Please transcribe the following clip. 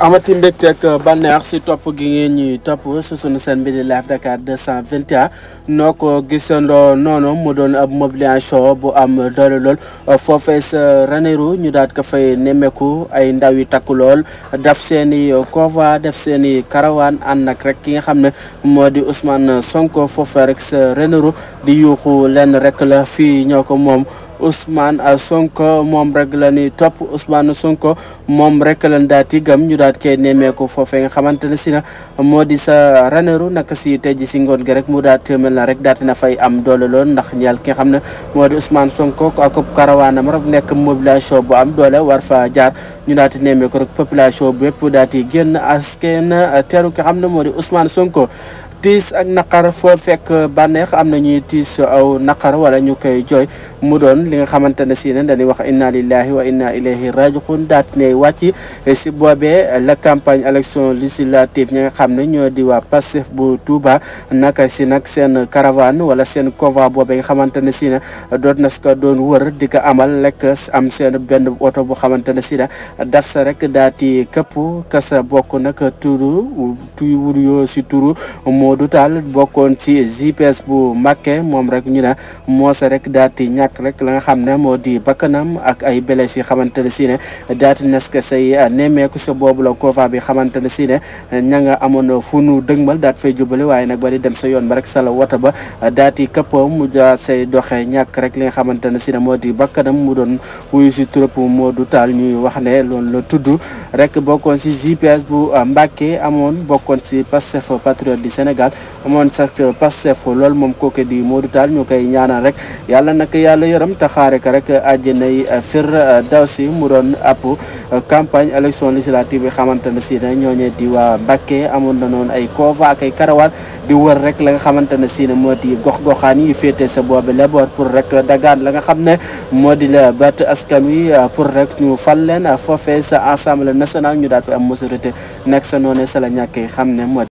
amati mbégte ak bànneex si topp gi ngeen ñuy topp su sunu seen bi di de Dakar 221 noo ko gisandoo noonu mu doon ab mobilisation bu am doole lool foofee sa Ranérou ñu daat ko fay nemmeeku ay ndaw yu takku lool def seen i convoi def seen i karawaan ànd nag rek ki nga xam ne moo di Ousmane Sonko foofee rek sa Ranérou di yuuxu lenn rek la fii ñoo ko moom Ousmane Sonko moom rek la ñuy topp Ousmane Sonko moom rek lañ daal di gëm ñu daal ke nemmeeku foofee nga xamante ne si na moo di sa raneeru naka si tey ji si ngoon gi rek mu daal téeméer na rek daal na fay am doole lool ndax ñeel ki xam ne moo di Ousmane Sonko ak karawaanam rek nekk mobilisation bu am doole war fa jaar ñu daal di nemmeeku rek population bépp daal di génn askan teeru ki xam ne moo di Ousmane Sonko. tiis ak naqar foo fekk bànneex am na ñuy tiis aw naqar wala ñu koy jooy mu doon li nga xamante ne si ne dañuy wax inna lillahi wa inna ilayhi rajiun daat ne wàcc si boobee la campagne élection législative ñi nga xam ne ñoo di waa Pastef bu Touba naka si nag seen caravane wala seen convoi boobee nga xamante ne si ne doon na ko doon wër di ko amal lekk am seen benn oto bu xamante ne si ne daf sa rek daati këpp kasa bokk nag turu tuy wur yoo si turu Modou Tall bokkoon ci GPS bu Mbacké moom rek ñu ne moose rek daati ñàkk rek la nga xam di bakkanam ak ay blessés yi xamante ne si ne daati neske say nemmeeku sa boobu la COVAD bi xamante ne si ne funu nga amoon fu nu dëgmal daat fay jubale waaye nag ba dem sa yoon ba rek sa la wota ba daati këpp mu jaa say doxe rek li nga xamante ne ne di bakkanam mu doon wuyu si trop Modou Tall ñuy wax ne loolu la rek bokkoon si GPS bu Mbacké amon bokkoon si Pastef patriote du Sénégal Sénégal amoon sax Pastef loolu moom kooku di Modou Tall ñu koy ñaanal rek yàlla nag yàlla yërëm te xaare ko rek àjjanay fir daw si mu doon ab campagne élection législative bi xamante ne si waa Mbacké amoon na noonu ay koova ak ay karawaan di wër rek la nga xamante si ne moo di gox-goxaan yi féetee sa boobu leboor pour rek dagaan la nga xam ne moo di la bat askan wi pour rek ñu fal leen foofee sa assemblée nationale ñu daal fi am majorité nekk sa